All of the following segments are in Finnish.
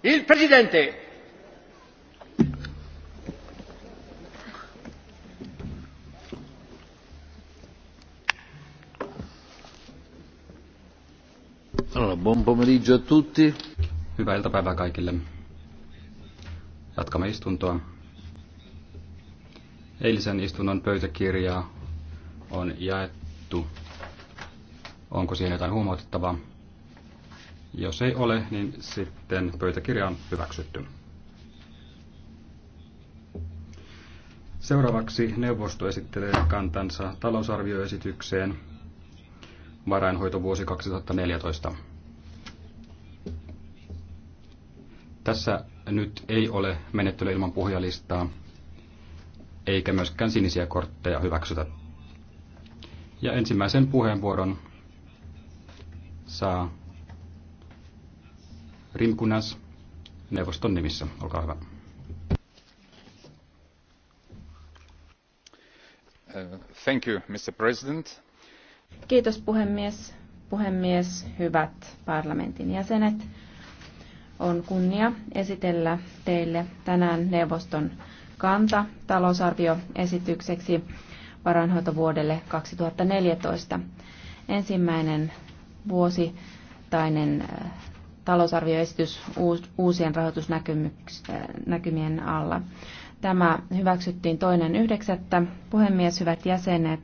Il Presidente. Allora, buon pomeriggio a tutti. Hyvää iltapäivää kaikille. Jatkamme istuntoa. Eilisen istunnon pöytäkirjaa on jaettu. Onko siihen jotain huomautettavaa? Jos ei ole, niin sitten pöytäkirja on hyväksytty. Seuraavaksi neuvosto esittelee kantansa talousarvioesitykseen varainhoitovuosi 2014. Tässä nyt ei ole menettely ilman puhujalistaa, eikä myöskään sinisiä kortteja hyväksytä. Ja ensimmäisen puheenvuoron saa Rimkunas neuvoston nimissä. Olkaa hyvä. Uh, thank you, Mr. President. Kiitos puhemies. Puhemies, hyvät parlamentin jäsenet. On kunnia esitellä teille tänään neuvoston kanta talousarvioesitykseksi varainhoitovuodelle 2014. Ensimmäinen vuosittainen talousarvioesitys uusien rahoitusnäkymien äh, alla. Tämä hyväksyttiin toinen yhdeksättä. Puhemies, hyvät jäsenet,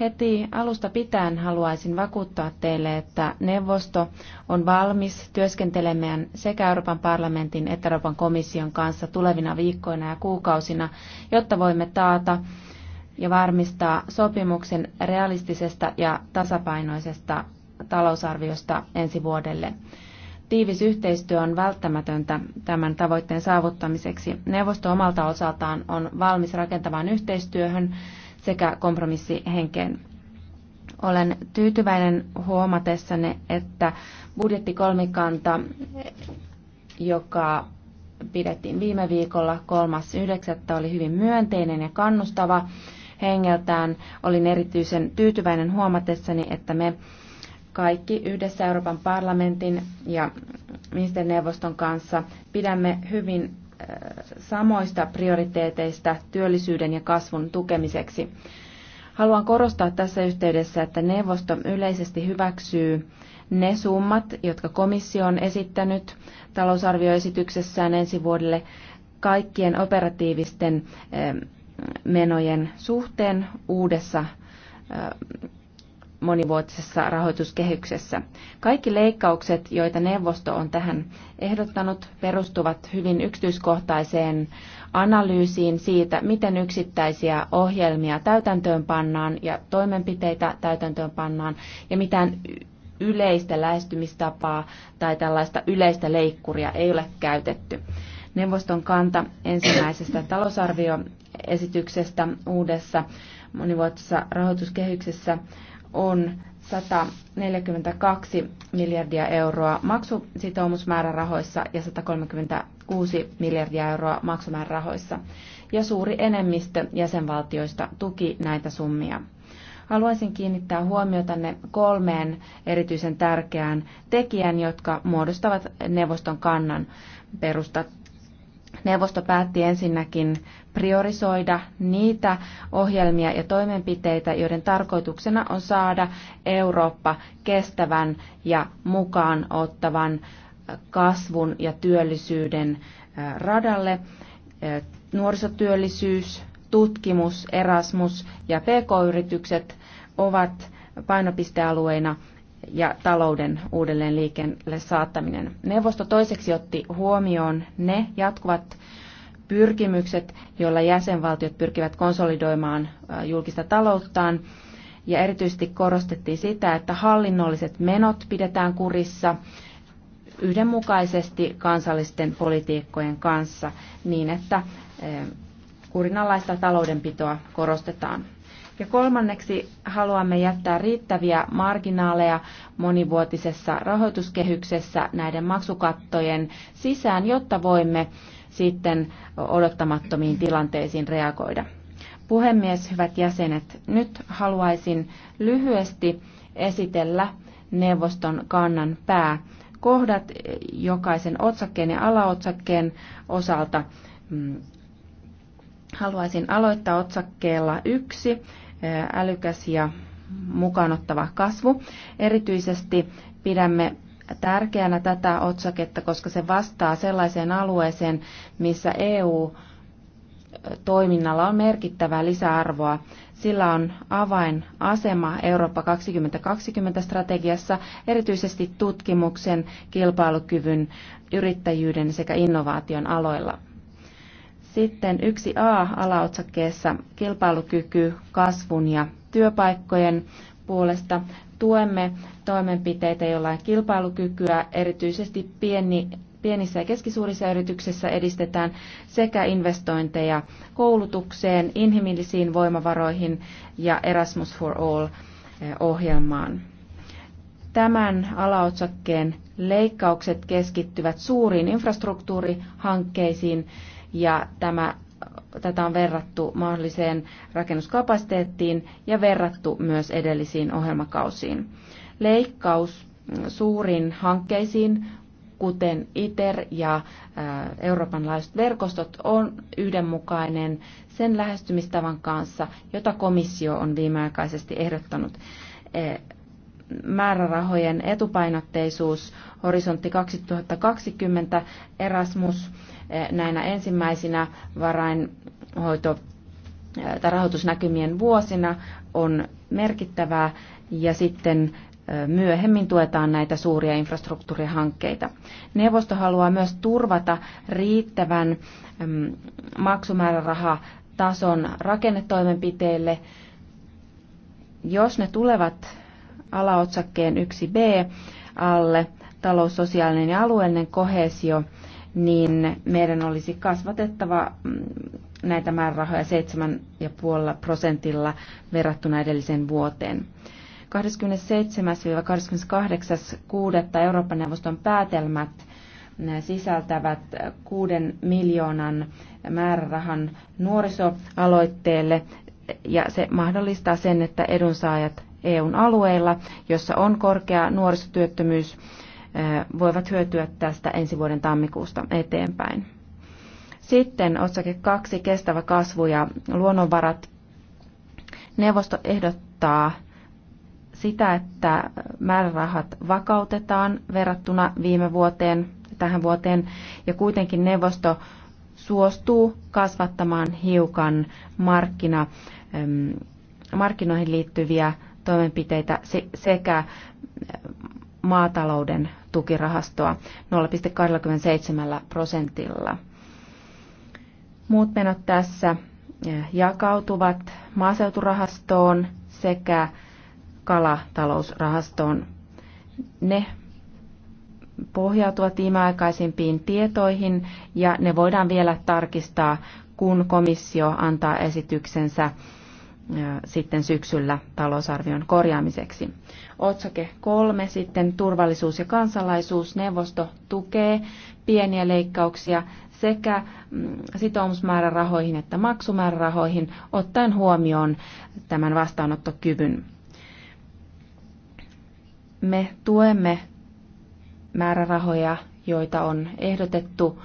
heti alusta pitäen haluaisin vakuuttaa teille, että neuvosto on valmis työskentelemään sekä Euroopan parlamentin että Euroopan komission kanssa tulevina viikkoina ja kuukausina, jotta voimme taata ja varmistaa sopimuksen realistisesta ja tasapainoisesta talousarviosta ensi vuodelle. Tiivis yhteistyö on välttämätöntä tämän tavoitteen saavuttamiseksi. Neuvosto omalta osaltaan on valmis rakentavaan yhteistyöhön sekä kompromissihenkeen. Olen tyytyväinen huomatessanne, että budjettikolmikanta, joka pidettiin viime viikolla 3.9. oli hyvin myönteinen ja kannustava hengeltään. Olin erityisen tyytyväinen huomatessani, että me kaikki yhdessä Euroopan parlamentin ja ministerineuvoston kanssa pidämme hyvin äh, samoista prioriteeteista työllisyyden ja kasvun tukemiseksi. Haluan korostaa tässä yhteydessä, että neuvosto yleisesti hyväksyy ne summat, jotka komissio on esittänyt talousarvioesityksessään ensi vuodelle kaikkien operatiivisten äh, menojen suhteen uudessa äh, monivuotisessa rahoituskehyksessä. Kaikki leikkaukset, joita neuvosto on tähän ehdottanut, perustuvat hyvin yksityiskohtaiseen analyysiin siitä, miten yksittäisiä ohjelmia täytäntöön pannaan ja toimenpiteitä täytäntöön pannaan ja mitään yleistä lähestymistapaa tai tällaista yleistä leikkuria ei ole käytetty. Neuvoston kanta ensimmäisestä talousarvioesityksestä uudessa monivuotisessa rahoituskehyksessä on 142 miljardia euroa maksusitoumusmäärärahoissa ja 136 miljardia euroa maksumäärärahoissa, ja suuri enemmistö jäsenvaltioista tuki näitä summia. Haluaisin kiinnittää huomiota ne kolmeen erityisen tärkeään tekijään, jotka muodostavat neuvoston kannan perusta. Neuvosto päätti ensinnäkin priorisoida niitä ohjelmia ja toimenpiteitä, joiden tarkoituksena on saada Eurooppa kestävän ja mukaan ottavan kasvun ja työllisyyden radalle. Nuorisotyöllisyys, tutkimus, Erasmus ja PK-yritykset ovat painopistealueina ja talouden uudelleen liikkeelle saattaminen. Neuvosto toiseksi otti huomioon ne jatkuvat pyrkimykset, joilla jäsenvaltiot pyrkivät konsolidoimaan julkista talouttaan. Ja erityisesti korostettiin sitä, että hallinnolliset menot pidetään kurissa yhdenmukaisesti kansallisten politiikkojen kanssa niin, että kurinalaista taloudenpitoa korostetaan. Ja kolmanneksi haluamme jättää riittäviä marginaaleja monivuotisessa rahoituskehyksessä näiden maksukattojen sisään, jotta voimme sitten odottamattomiin tilanteisiin reagoida. Puhemies, hyvät jäsenet, nyt haluaisin lyhyesti esitellä neuvoston kannan pääkohdat jokaisen otsakkeen ja alaotsakkeen osalta. Mm. Haluaisin aloittaa otsakkeella yksi, älykäs ja mukaanottava kasvu. Erityisesti pidämme tärkeänä tätä otsaketta, koska se vastaa sellaiseen alueeseen, missä EU toiminnalla on merkittävää lisäarvoa. Sillä on avainasema Eurooppa 2020-strategiassa, erityisesti tutkimuksen, kilpailukyvyn, yrittäjyyden sekä innovaation aloilla. Sitten yksi a alaotsakkeessa kilpailukyky kasvun ja työpaikkojen puolesta tuemme toimenpiteitä, joilla on kilpailukykyä, erityisesti pieni, pienissä ja keskisuurissa yrityksissä edistetään sekä investointeja koulutukseen, inhimillisiin voimavaroihin ja Erasmus for All-ohjelmaan. Eh, Tämän alaotsakkeen leikkaukset keskittyvät suuriin infrastruktuurihankkeisiin ja tämä Tätä on verrattu mahdolliseen rakennuskapasiteettiin ja verrattu myös edellisiin ohjelmakausiin. Leikkaus suuriin hankkeisiin, kuten ITER ja Euroopan laajuiset verkostot, on yhdenmukainen sen lähestymistavan kanssa, jota komissio on viimeaikaisesti ehdottanut määrärahojen etupainotteisuus, horisontti 2020, Erasmus eh, näinä ensimmäisinä varainhoito- eh, tai rahoitusnäkymien vuosina on merkittävää ja sitten eh, myöhemmin tuetaan näitä suuria infrastruktuurihankkeita. Neuvosto haluaa myös turvata riittävän mm, maksumäärärahatason rakennetoimenpiteille, jos ne tulevat alaotsakkeen 1b alle talous, sosiaalinen ja alueellinen kohesio, niin meidän olisi kasvatettava mm, näitä määrärahoja 7,5 prosentilla verrattuna edelliseen vuoteen. 27-28.6. Euroopan neuvoston päätelmät mm, sisältävät 6 miljoonan määrärahan nuorisoaloitteelle ja se mahdollistaa sen, että edunsaajat EUn alueilla, jossa on korkea nuorisotyöttömyys, voivat hyötyä tästä ensi vuoden tammikuusta eteenpäin. Sitten otsake 2, kestävä kasvu ja luonnonvarat. Neuvosto ehdottaa sitä, että määrärahat vakautetaan verrattuna viime vuoteen, tähän vuoteen, ja kuitenkin neuvosto suostuu kasvattamaan hiukan markkina, markkinoihin liittyviä toimenpiteitä sekä maatalouden tukirahastoa 0,27 prosentilla. Muut menot tässä jakautuvat maaseuturahastoon sekä kalatalousrahastoon. Ne pohjautuvat viimeaikaisimpiin tietoihin ja ne voidaan vielä tarkistaa, kun komissio antaa esityksensä sitten syksyllä talousarvion korjaamiseksi. Otsake kolme sitten turvallisuus ja kansalaisuusneuvosto Neuvosto tukee pieniä leikkauksia sekä mm, sitoumusmäärärahoihin että maksumäärärahoihin ottaen huomioon tämän vastaanottokyvyn. Me tuemme määrärahoja, joita on ehdotettu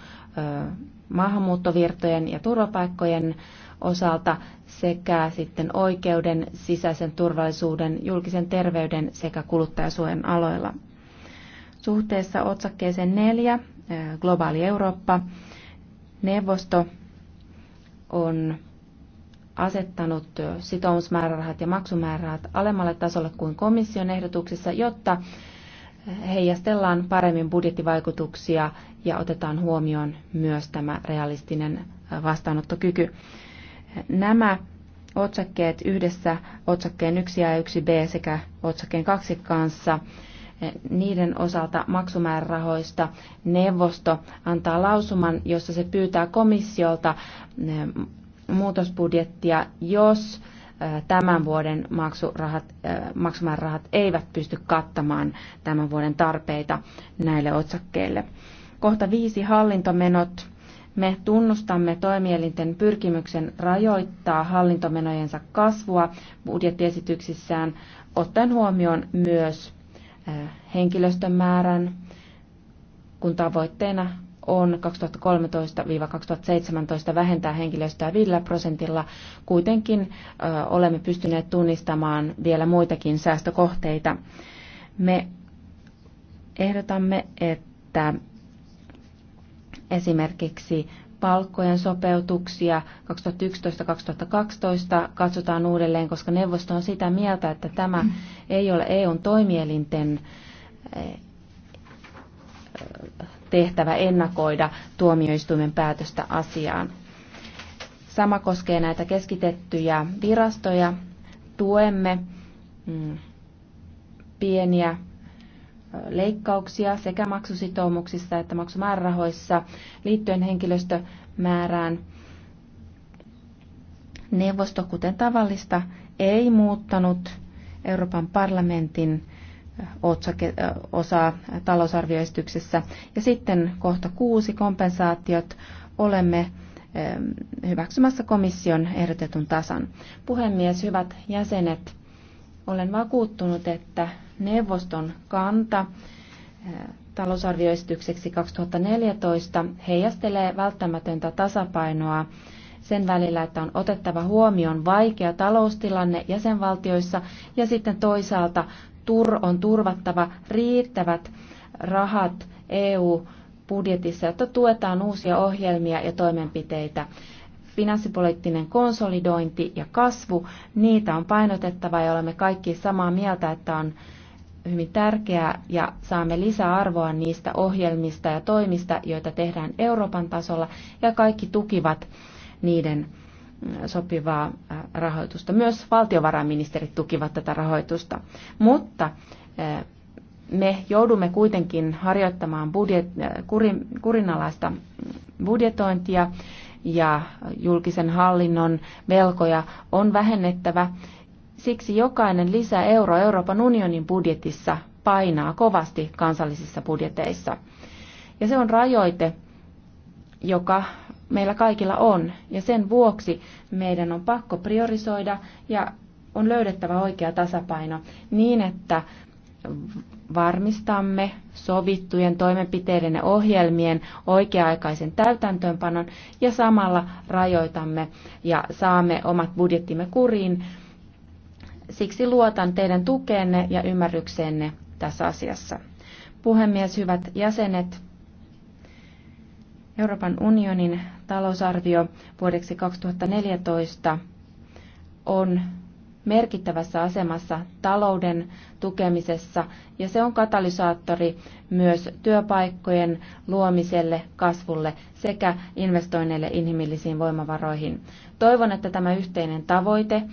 maahanmuuttovirtojen ja turvapaikkojen osalta sekä sitten oikeuden, sisäisen turvallisuuden, julkisen terveyden sekä kuluttajasuojan aloilla. Suhteessa otsakkeeseen 4, globaali Eurooppa, neuvosto on asettanut sitoumusmäärärahat ja maksumäärärahat alemmalle tasolle kuin komission ehdotuksessa, jotta heijastellaan paremmin budjettivaikutuksia ja otetaan huomioon myös tämä realistinen vastaanottokyky. Nämä otsakkeet yhdessä otsakkeen 1 ja 1b sekä otsakkeen 2 kanssa niiden osalta maksumäärärahoista neuvosto antaa lausuman, jossa se pyytää komissiolta eh, muutosbudjettia, jos eh, tämän vuoden maksurahat, eh, maksumäärärahat eivät pysty kattamaan tämän vuoden tarpeita näille otsakkeille. Kohta viisi hallintomenot. Me tunnustamme toimielinten pyrkimyksen rajoittaa hallintomenojensa kasvua budjettiesityksissään, ottaen huomioon myös henkilöstön määrän, kun tavoitteena on 2013-2017 vähentää henkilöstöä 5 prosentilla. Kuitenkin ö, olemme pystyneet tunnistamaan vielä muitakin säästökohteita. Me ehdotamme, että esimerkiksi palkkojen sopeutuksia 2011-2012 katsotaan uudelleen, koska neuvosto on sitä mieltä, että tämä mm. ei ole EUn toimielinten eh, tehtävä ennakoida tuomioistuimen päätöstä asiaan. Sama koskee näitä keskitettyjä virastoja. Tuemme mm, pieniä leikkauksia sekä maksusitoumuksissa että maksumäärärahoissa liittyen henkilöstömäärään. Neuvosto, kuten tavallista, ei muuttanut Euroopan parlamentin osaa talousarvioistyksessä. Ja sitten kohta kuusi kompensaatiot. Olemme hyväksymässä komission ehdotetun tasan. Puhemies, hyvät jäsenet, olen vakuuttunut, että neuvoston kanta eh, talousarvioesitykseksi 2014 heijastelee välttämätöntä tasapainoa sen välillä, että on otettava huomioon vaikea taloustilanne jäsenvaltioissa ja sitten toisaalta tur on turvattava riittävät rahat EU-budjetissa, jotta tuetaan uusia ohjelmia ja toimenpiteitä. Finanssipoliittinen konsolidointi ja kasvu, niitä on painotettava ja olemme kaikki samaa mieltä, että on hyvin tärkeää ja saamme lisäarvoa niistä ohjelmista ja toimista, joita tehdään Euroopan tasolla ja kaikki tukivat niiden mm, sopivaa rahoitusta. Myös valtiovarainministerit tukivat tätä rahoitusta, mutta me joudumme kuitenkin harjoittamaan budjet, kurin, kurinalaista mm, budjetointia ja julkisen hallinnon velkoja on vähennettävä Siksi jokainen lisäeuro Euroopan unionin budjetissa painaa kovasti kansallisissa budjeteissa. Ja se on rajoite, joka meillä kaikilla on. Ja sen vuoksi meidän on pakko priorisoida ja on löydettävä oikea tasapaino niin, että varmistamme sovittujen toimenpiteiden ja ohjelmien oikea-aikaisen täytäntöönpanon ja samalla rajoitamme ja saamme omat budjettimme kuriin Siksi luotan teidän tukeenne ja ymmärrykseenne tässä asiassa. Puhemies, hyvät jäsenet, Euroopan unionin talousarvio vuodeksi 2014 on merkittävässä asemassa talouden tukemisessa ja se on katalysaattori myös työpaikkojen luomiselle, kasvulle sekä investoinneille inhimillisiin voimavaroihin. Toivon, että tämä yhteinen tavoite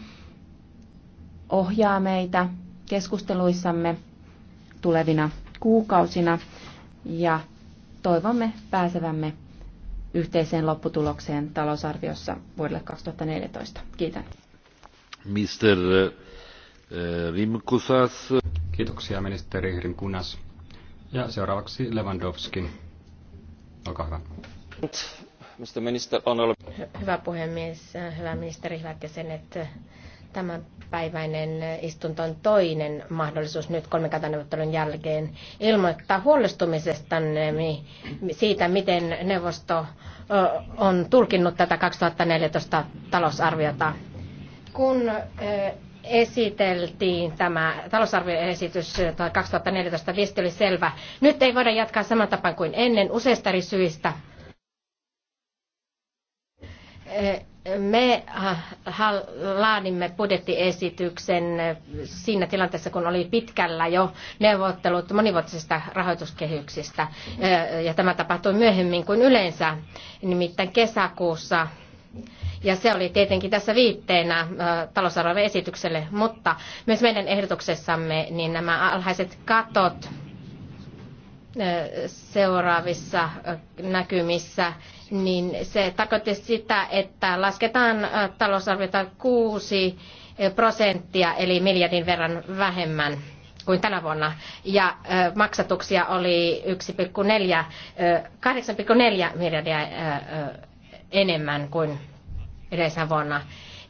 ohjaa meitä keskusteluissamme tulevina kuukausina ja toivomme pääsevämme yhteiseen lopputulokseen talousarviossa vuodelle 2014. Kiitän. Mr. Eh, eh, Rimkusas. Kiitoksia ministeri Rimkunas. Ja seuraavaksi Lewandowski. Olkaa hyvä. Mr. Minister, on ollut... Hyvä puhemies, hyvä ministeri, hyvät jäsenet. Tämän päiväinen istunto on toinen mahdollisuus nyt kolmikantaneuvottelun jälkeen ilmoittaa huolestumisesta siitä, miten neuvosto on tulkinnut tätä 2014 talousarviota. Kun esiteltiin tämä talousarvioesitys 2014 viesti oli selvä. Nyt ei voida jatkaa saman tapaan kuin ennen useista eri syistä. Me äh, laadimme budjettiesityksen äh, siinä tilanteessa, kun oli pitkällä jo neuvottelut monivuotisista rahoituskehyksistä. Äh, ja tämä tapahtui myöhemmin kuin yleensä, nimittäin kesäkuussa ja se oli tietenkin tässä viitteenä talousarvoesitykselle, mutta myös meidän ehdotuksessamme niin nämä alhaiset katot seuraavissa näkymissä, niin se tarkoitti sitä, että lasketaan talousarviota 6 prosenttia, eli miljardin verran vähemmän kuin tänä vuonna. Ja maksatuksia oli 1,4, 8,4 miljardia enemmän kuin edellisenä vuonna.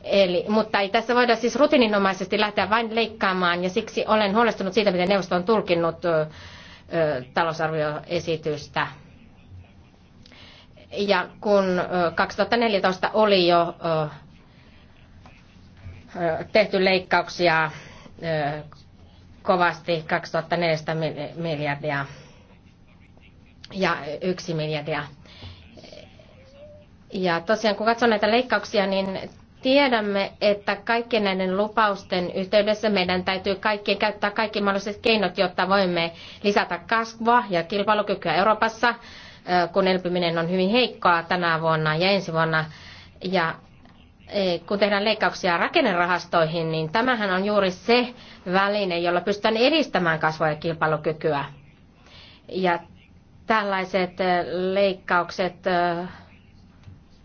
Eli, mutta ei tässä voida siis rutiininomaisesti lähteä vain leikkaamaan, ja siksi olen huolestunut siitä, miten neuvosto on tulkinnut talousarvioesitystä. Ja kun 2014 oli jo tehty leikkauksia kovasti 2400 miljardia ja yksi miljardia. Ja tosiaan kun katson näitä leikkauksia, niin Tiedämme, että kaikkien näiden lupausten yhteydessä meidän täytyy kaikkien käyttää kaikki mahdolliset keinot, jotta voimme lisätä kasvua ja kilpailukykyä Euroopassa, kun elpyminen on hyvin heikkoa tänä vuonna ja ensi vuonna. Ja e, kun tehdään leikkauksia rakennerahastoihin, niin tämähän on juuri se väline, jolla pystytään edistämään kasvua ja kilpailukykyä. Ja tällaiset leikkaukset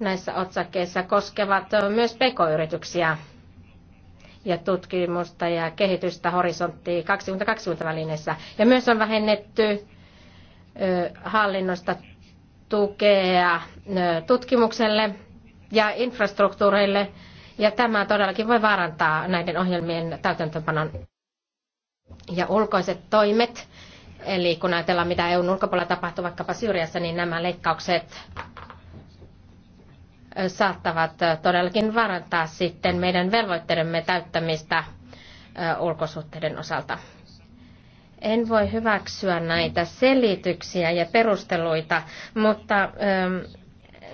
näissä otsakkeissa koskevat myös pk-yrityksiä ja tutkimusta ja kehitystä horisonttiin 2020 välineessä. Ja myös on vähennetty hallinnosta tukea tutkimukselle ja infrastruktuureille, ja tämä todellakin voi vaarantaa näiden ohjelmien täytäntöpanon ja ulkoiset toimet. Eli kun ajatellaan, mitä EUn ulkopuolella tapahtuu vaikkapa Syyriassa, niin nämä leikkaukset saattavat todellakin varantaa sitten meidän velvoitteidemme täyttämistä ulkosuhteiden osalta. En voi hyväksyä näitä selityksiä ja perusteluita, mutta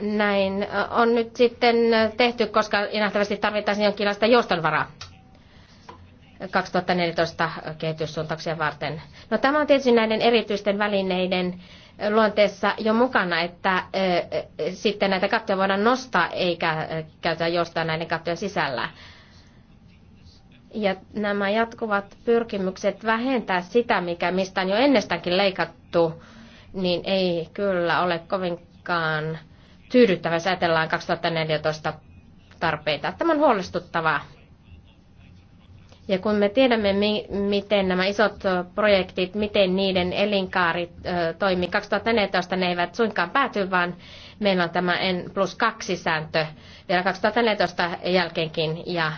näin on nyt sitten tehty, koska nähtävästi tarvittaisiin jonkinlaista joustonvaraa. 2014 kehityssuuntauksia varten. No, tämä on tietysti näiden erityisten välineiden luonteessa jo mukana, että sitten näitä kattoja voidaan nostaa eikä käytä jostain näiden kattojen sisällä. Ja nämä jatkuvat pyrkimykset vähentää sitä, mikä mistä on jo ennestäänkin leikattu, niin ei kyllä ole kovinkaan tyydyttävä, jos ajatellaan 2014 tarpeita. Tämä on huolestuttavaa. Ja kun me tiedämme, miten nämä isot projektit, miten niiden elinkaari toimii, 2014 ne eivät suinkaan pääty, vaan meillä on tämä N plus 2 sääntö vielä 2014 jälkeenkin ja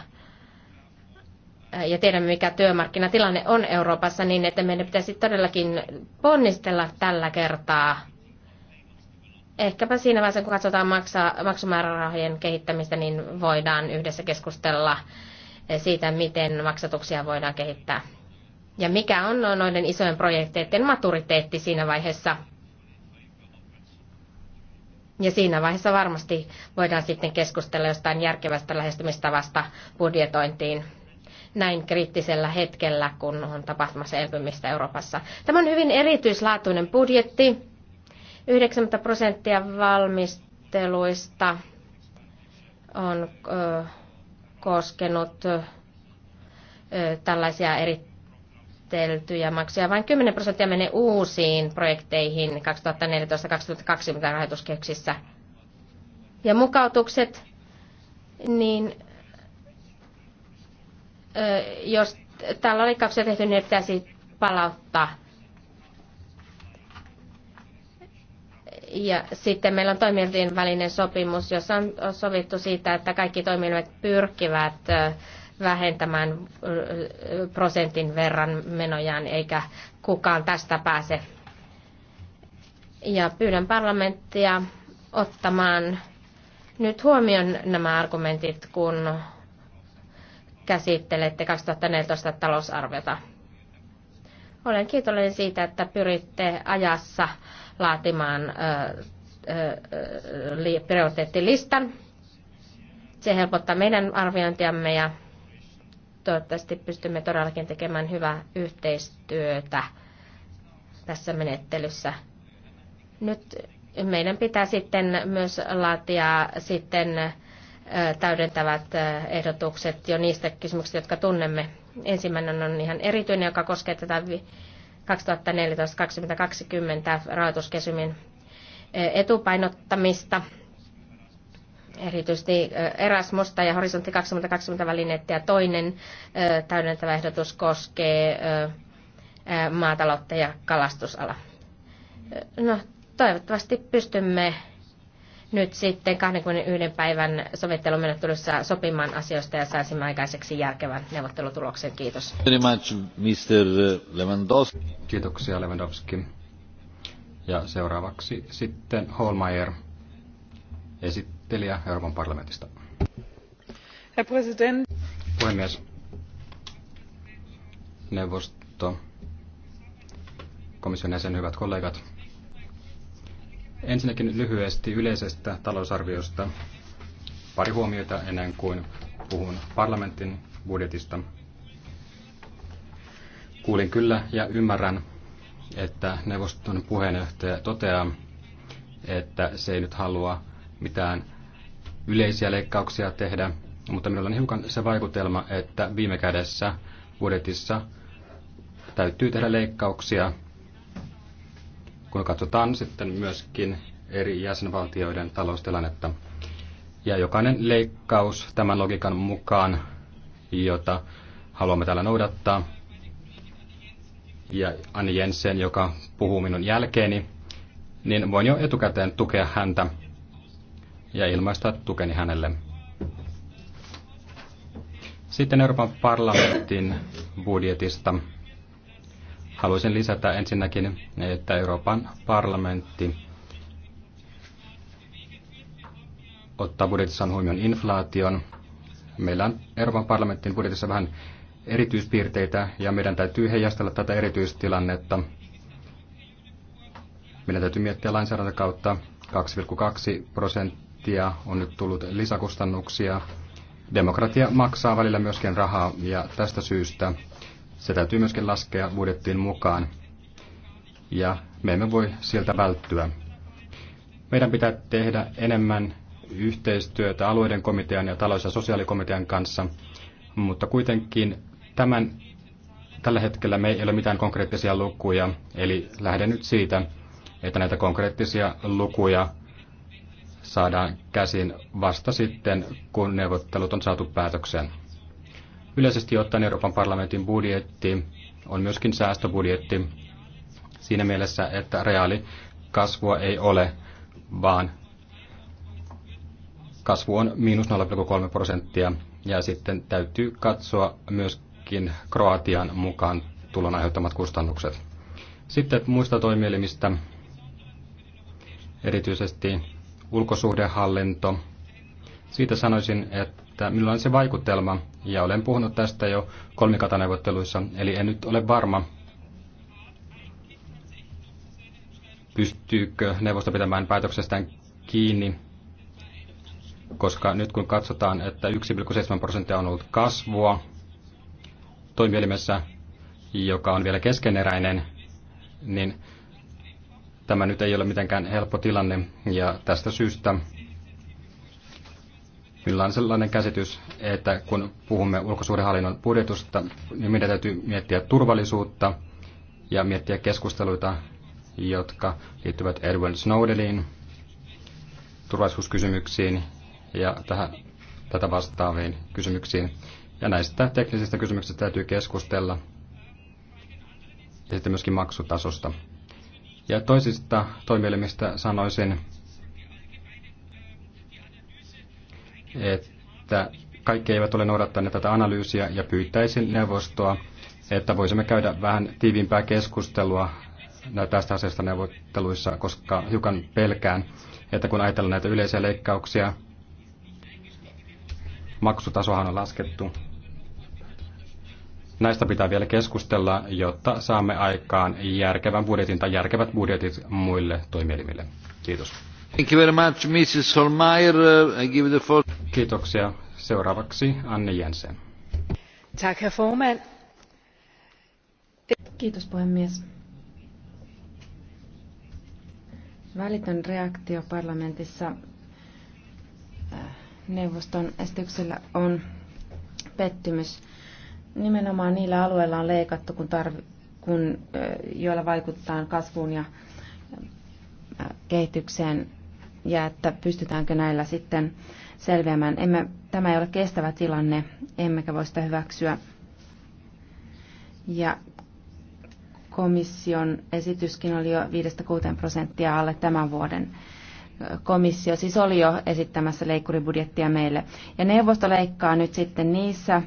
ja tiedämme, mikä työmarkkinatilanne on Euroopassa, niin että meidän pitäisi todellakin ponnistella tällä kertaa. Ehkäpä siinä vaiheessa, kun katsotaan maksa, maksumäärärahojen kehittämistä, niin voidaan yhdessä keskustella siitä, miten maksatuksia voidaan kehittää. Ja mikä on noiden isojen projekteiden maturiteetti siinä vaiheessa? Ja siinä vaiheessa varmasti voidaan sitten keskustella jostain järkevästä lähestymistavasta budjetointiin näin kriittisellä hetkellä, kun on tapahtumassa elpymistä Euroopassa. Tämä on hyvin erityislaatuinen budjetti. 90 prosenttia valmisteluista on koskenut tällaisia eritteltyjä maksuja. Vain 10 prosenttia menee uusiin projekteihin 2014-2020 rahoituskehyksissä. Ja mukautukset, niin jos tällä oli kaksi tehty, niin pitäisi palauttaa. Ja sitten meillä on toimijoiden välinen sopimus, jossa on sovittu siitä, että kaikki toimijat pyrkivät vähentämään prosentin verran menojaan, eikä kukaan tästä pääse. Ja pyydän parlamenttia ottamaan nyt huomioon nämä argumentit, kun käsittelette 2014 talousarviota. Olen kiitollinen siitä, että pyritte ajassa laatimaan prioriteettilistan. Se helpottaa meidän arviointiamme ja toivottavasti pystymme todellakin tekemään hyvää yhteistyötä tässä menettelyssä. Nyt meidän pitää sitten myös laatia sitten täydentävät ehdotukset jo niistä kysymyksistä, jotka tunnemme. Ensimmäinen on ihan erityinen, joka koskee tätä 2014-2020 rahoituskesymin eh, etupainottamista, erityisesti eh, Erasmusta ja Horisontti 2020 välinettä ja toinen eh, täydentävä ehdotus koskee maataloutta ja kalastusala. No, toivottavasti pystymme nyt sitten 21 päivän sovittelumenettelyssä sopimaan asioista ja saisimme aikaiseksi järkevän neuvottelutuloksen. Kiitos. Uh, Kiitoksia Lewandowski. Ja seuraavaksi sitten Holmeier, esittelijä Euroopan parlamentista. Herr Präsident. Puhemies. Neuvosto, komission jäsen, hyvät kollegat. Ensinnäkin lyhyesti yleisestä talousarviosta. Pari huomiota ennen kuin puhun parlamentin budjetista. Kuulin kyllä ja ymmärrän, että neuvoston puheenjohtaja toteaa, että se ei nyt halua mitään yleisiä leikkauksia tehdä, mutta minulla on hiukan se vaikutelma, että viime kädessä budjetissa täytyy tehdä leikkauksia kun katsotaan sitten myöskin eri jäsenvaltioiden taloustilannetta. Ja jokainen leikkaus tämän logiikan mukaan, jota haluamme täällä noudattaa, ja Anni Jensen, joka puhuu minun jälkeeni, niin voin jo etukäteen tukea häntä ja ilmaista tukeni hänelle. Sitten Euroopan parlamentin budjetista. Haluaisin lisätä ensinnäkin, että Euroopan parlamentti ottaa budjetissaan huomioon inflaation. Meillä on Euroopan parlamentin budjetissa vähän erityispiirteitä ja meidän täytyy heijastella tätä erityistilannetta. Meidän täytyy miettiä kautta. 2,2 prosenttia on nyt tullut lisäkustannuksia. Demokratia maksaa välillä myöskin rahaa ja tästä syystä se täytyy myöskin laskea budjettiin mukaan. Ja me emme voi sieltä välttyä. Meidän pitää tehdä enemmän yhteistyötä alueiden komitean ja talous- ja sosiaalikomitean kanssa, mutta kuitenkin tämän, tällä hetkellä me ei ole mitään konkreettisia lukuja, eli lähden nyt siitä, että näitä konkreettisia lukuja saadaan käsin vasta sitten, kun neuvottelut on saatu päätökseen. Yleisesti ottaen Euroopan parlamentin budjetti on myöskin säästöbudjetti siinä mielessä, että reaali kasvua ei ole, vaan kasvu on miinus 0,3 prosenttia. Ja sitten täytyy katsoa myöskin Kroatian mukaan tulon aiheuttamat kustannukset. Sitten muista toimielimistä, erityisesti ulkosuhdehallinto. Siitä sanoisin, että että minulla on se vaikutelma, ja olen puhunut tästä jo kolmikataneuvotteluissa, eli en nyt ole varma, pystyykö neuvosto pitämään päätöksestään kiinni, koska nyt kun katsotaan, että 1,7 prosenttia on ollut kasvua toimielimessä, joka on vielä keskeneräinen, niin tämä nyt ei ole mitenkään helppo tilanne, ja tästä syystä Minulla on sellainen käsitys, että kun puhumme ulkosuurihallinnon budjetusta, niin meidän täytyy miettiä turvallisuutta ja miettiä keskusteluita, jotka liittyvät Edward Snowdeniin, turvallisuuskysymyksiin ja tähän, tätä vastaaviin kysymyksiin. Ja näistä teknisistä kysymyksistä täytyy keskustella ja sitten myöskin maksutasosta. Ja toisista toimielimistä sanoisin, että kaikki eivät ole noudattaneet tätä analyysiä ja pyytäisin neuvostoa, että voisimme käydä vähän tiiviimpää keskustelua tästä asiasta neuvotteluissa, koska hiukan pelkään, että kun ajatellaan näitä yleisiä leikkauksia, maksutasohan on laskettu. Näistä pitää vielä keskustella, jotta saamme aikaan järkevän budjetin tai järkevät budjetit muille toimielimille. Kiitos. Thank you very much, Mrs. Holmeyer. I give the floor. Kiitoksia. Seuraavaksi Anne Jensen. Tack, herr Forman. Kiitos puhemies. Välitön reaktio parlamentissa äh, neuvoston esityksellä on pettymys. Nimenomaan niillä alueilla on leikattu, kun tarvi, kun, äh, joilla vaikuttaa kasvuun ja äh, kehitykseen, ja että pystytäänkö näillä sitten selviämään. Emme, tämä ei ole kestävä tilanne, emmekä voi sitä hyväksyä. Ja komission esityskin oli jo 5-6 prosenttia alle tämän vuoden komissio siis oli jo esittämässä leikkuribudjettia meille. Ja neuvosto leikkaa nyt sitten niissä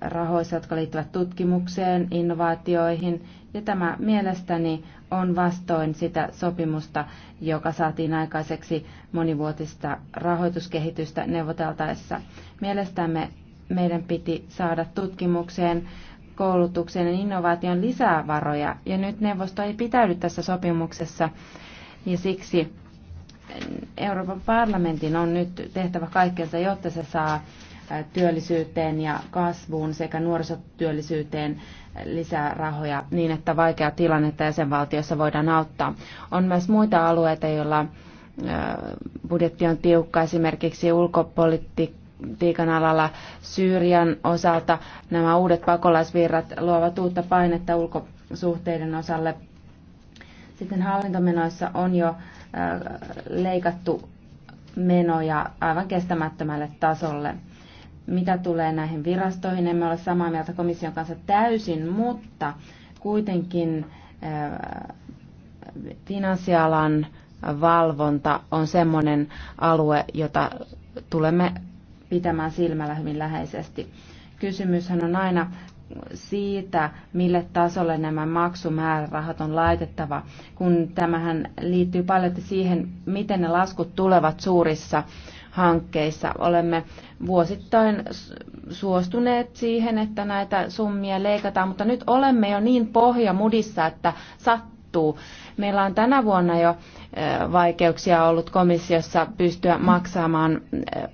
rahoissa, jotka liittyvät tutkimukseen, innovaatioihin. Ja tämä mielestäni on vastoin sitä sopimusta, joka saatiin aikaiseksi monivuotista rahoituskehitystä neuvoteltaessa. Mielestämme meidän piti saada tutkimukseen, koulutukseen ja innovaation lisää varoja, ja nyt neuvosto ei pitäydy tässä sopimuksessa, ja siksi Euroopan parlamentin on nyt tehtävä kaikkensa, jotta se saa työllisyyteen ja kasvuun sekä nuorisotyöllisyyteen lisää rahoja niin, että vaikea tilannetta jäsenvaltiossa voidaan auttaa. On myös muita alueita, joilla budjetti on tiukka, esimerkiksi tiikan alalla Syyrian osalta nämä uudet pakolaisvirrat luovat uutta painetta ulkosuhteiden osalle. Sitten hallintomenoissa on jo leikattu menoja aivan kestämättömälle tasolle. Mitä tulee näihin virastoihin, emme ole samaa mieltä komission kanssa täysin, mutta kuitenkin äh, finanssialan valvonta on semmoinen alue, jota tulemme pitämään silmällä hyvin läheisesti. Kysymyshän on aina siitä, mille tasolle nämä maksumäärärahat on laitettava, kun tämähän liittyy paljon siihen, miten ne laskut tulevat suurissa hankkeissa. Olemme vuosittain suostuneet siihen, että näitä summia leikataan, mutta nyt olemme jo niin pohja mudissa, että sattuu. Meillä on tänä vuonna jo vaikeuksia ollut komissiossa pystyä maksamaan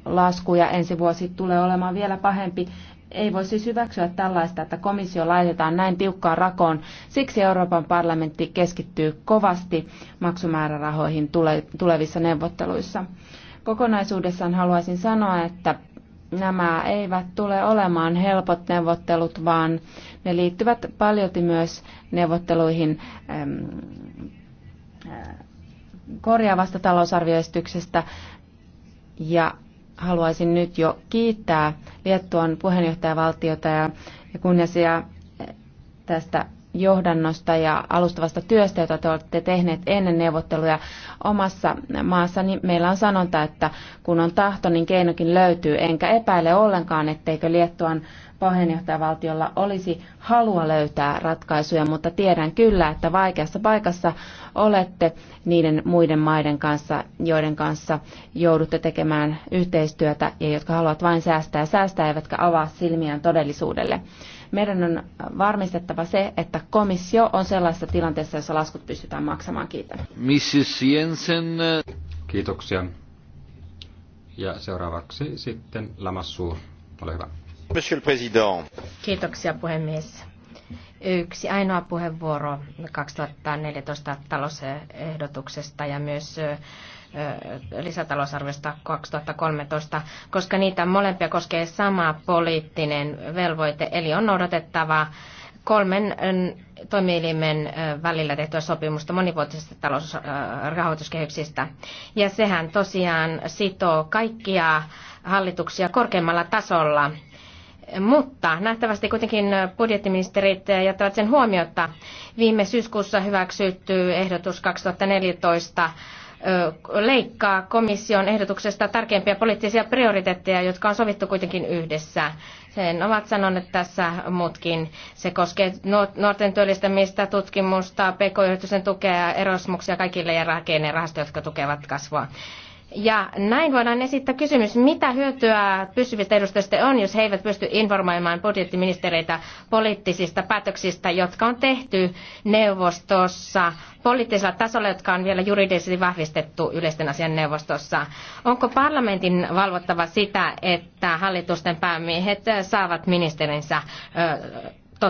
laskuja. Ensi vuosi tulee olemaan vielä pahempi. Ei voi siis hyväksyä tällaista, että komissio laitetaan näin tiukkaan rakoon. Siksi Euroopan parlamentti keskittyy kovasti maksumäärärahoihin tulevissa neuvotteluissa. Kokonaisuudessaan haluaisin sanoa, että nämä eivät tule olemaan helpot neuvottelut, vaan ne liittyvät paljolti myös neuvotteluihin korjaavasta talousarvioestyksestä. Ja haluaisin nyt jo kiittää Liettuan puheenjohtajavaltiota ja kunnesia tästä johdannosta ja alustavasta työstä, jota te olette tehneet ennen neuvotteluja omassa maassa, niin meillä on sanonta, että kun on tahto, niin keinokin löytyy. Enkä epäile ollenkaan, etteikö Liettuan puheenjohtajavaltiolla olisi halua löytää ratkaisuja, mutta tiedän kyllä, että vaikeassa paikassa olette niiden muiden maiden kanssa, joiden kanssa joudutte tekemään yhteistyötä ja jotka haluavat vain säästää ja säästää, eivätkä avaa silmiään todellisuudelle. Meidän on varmistettava se, että komissio on sellaisessa tilanteessa, jossa laskut pystytään maksamaan. Kiitän. Mrs. Jensen. Kiitoksia. Ja seuraavaksi sitten Lamassu. Ole hyvä. Monsieur le Président. Kiitoksia puhemies. Yksi ainoa puheenvuoro 2014 talousehdotuksesta ja myös lisätalousarviosta 2013, koska niitä molempia koskee sama poliittinen velvoite, eli on noudatettava kolmen toimielimen välillä tehtyä sopimusta monivuotisista talousrahoituskehyksistä. Ja sehän tosiaan sitoo kaikkia hallituksia korkeammalla tasolla mutta nähtävästi kuitenkin budjettiministerit jättävät sen huomiota. Viime syyskuussa hyväksytty ehdotus 2014 leikkaa komission ehdotuksesta tärkeimpiä poliittisia prioriteetteja, jotka on sovittu kuitenkin yhdessä. Sen ovat sanoneet tässä muutkin. Se koskee nuorten työllistämistä, tutkimusta, pk-yritysten tukea, erosmuksia kaikille ja rahastoja, jotka tukevat kasvua. Ja näin voidaan esittää kysymys, mitä hyötyä pysyvistä edustajista on, jos he eivät pysty informoimaan budjettiministereitä poliittisista päätöksistä, jotka on tehty neuvostossa poliittisella tasolla, jotka on vielä juridisesti vahvistettu yleisten asian neuvostossa. Onko parlamentin valvottava sitä, että hallitusten päämiehet saavat ministerinsä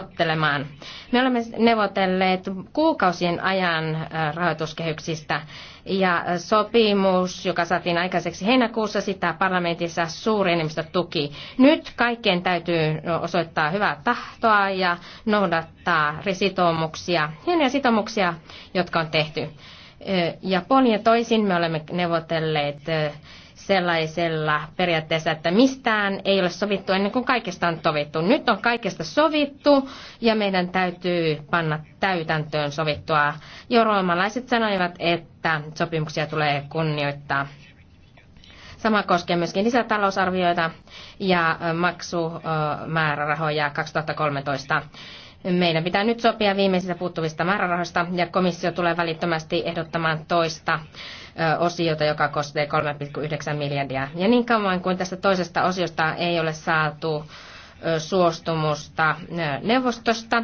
tottelemaan. Me olemme neuvotelleet kuukausien ajan äh, rahoituskehyksistä ja äh, sopimus, joka saatiin aikaiseksi heinäkuussa, sitä parlamentissa suuri enemmistö tuki. Nyt kaikkien täytyy osoittaa hyvää tahtoa ja noudattaa sitoumuksia, hienoja sitoumuksia, jotka on tehty. Ja puolin ja toisin me olemme neuvotelleet sellaisella periaatteessa, että mistään ei ole sovittu ennen kuin kaikesta on sovittu. Nyt on kaikesta sovittu ja meidän täytyy panna täytäntöön sovittua. Jo roomalaiset sanoivat, että sopimuksia tulee kunnioittaa. Sama koskee myöskin lisätalousarvioita ja maksumäärärahoja 2013. Meidän pitää nyt sopia viimeisistä puuttuvista määrärahoista ja komissio tulee välittömästi ehdottamaan toista osiota, joka koskee 3,9 miljardia. Ja niin kauan kuin tästä toisesta osiosta ei ole saatu suostumusta neuvostosta,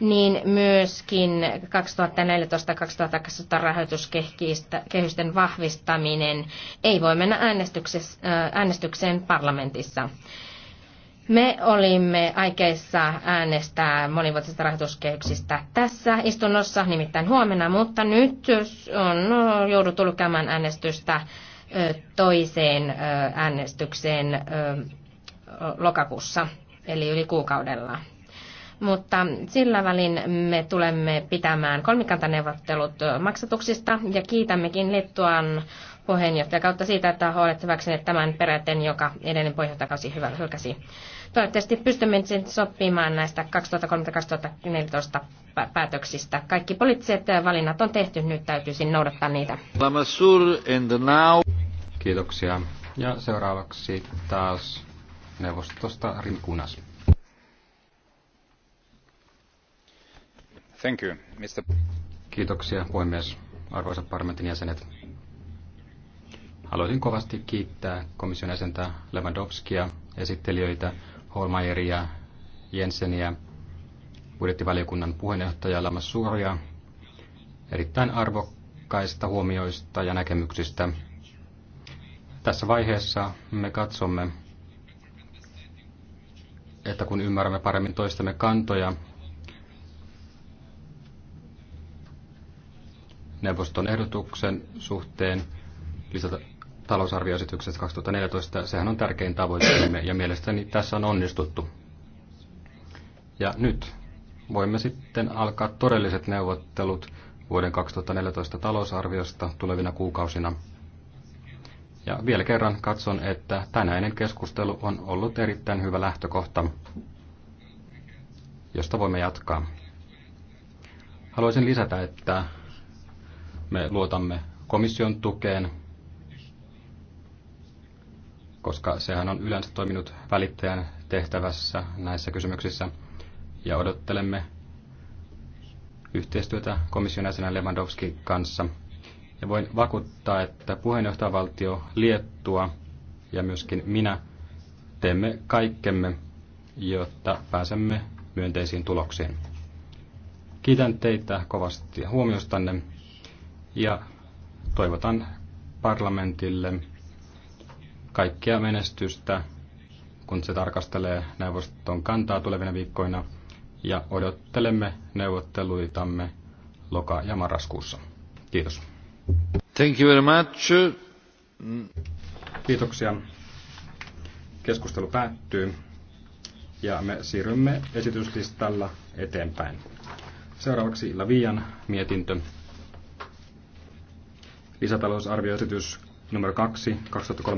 niin myöskin 2014-2018 rahoituskehysten vahvistaminen ei voi mennä äänestykseen parlamentissa. Me olimme aikeissa äänestää monivuotisista rahoituskehyksistä tässä istunnossa, nimittäin huomenna, mutta nyt on jouduttu tulkemaan äänestystä toiseen äänestykseen lokakuussa, eli yli kuukaudella. Mutta sillä välin me tulemme pitämään kolmikantaneuvottelut maksatuksista ja kiitämmekin Lettuan kautta siitä, että olette hyväksyneet tämän periaatteen, joka edellinen puheenjohtajakausi hyvä hylkäsi. Toivottavasti pystymme sen sopimaan näistä 2013-2014 päätöksistä. Kaikki poliittiset valinnat on tehty, nyt täytyisi noudattaa niitä. Kiitoksia. Ja seuraavaksi taas neuvostosta Rinkunas. Thank you, Mr. Kiitoksia puhemies, arvoisat parlamentin jäsenet. Haluaisin kovasti kiittää komission jäsentä Lewandowskia, esittelijöitä, Holmajeria, Jenseniä, budjettivaliokunnan puheenjohtaja Lamas suoria erittäin arvokkaista huomioista ja näkemyksistä. Tässä vaiheessa me katsomme, että kun ymmärrämme paremmin toistamme kantoja, neuvoston ehdotuksen suhteen lisätä talousarvioesityksessä 2014. Sehän on tärkein tavoitteemme ja mielestäni tässä on onnistuttu. Ja nyt voimme sitten alkaa todelliset neuvottelut vuoden 2014 talousarviosta tulevina kuukausina. Ja vielä kerran katson, että tänäinen keskustelu on ollut erittäin hyvä lähtökohta, josta voimme jatkaa. Haluaisin lisätä, että me luotamme komission tukeen koska sehän on yleensä toiminut välittäjän tehtävässä näissä kysymyksissä. Ja odottelemme yhteistyötä komission jäsenen Lewandowskin kanssa. Ja voin vakuuttaa, että puheenjohtajavaltio Liettua ja myöskin minä teemme kaikkemme, jotta pääsemme myönteisiin tuloksiin. Kiitän teitä kovasti huomiostanne ja toivotan parlamentille kaikkea menestystä, kun se tarkastelee neuvoston kantaa tulevina viikkoina ja odottelemme neuvotteluitamme loka- ja marraskuussa. Kiitos. Thank you very much. Kiitoksia. Keskustelu päättyy ja me siirrymme esityslistalla eteenpäin. Seuraavaksi Lavian mietintö. Lisätalousarvioesitys numero 2 2013.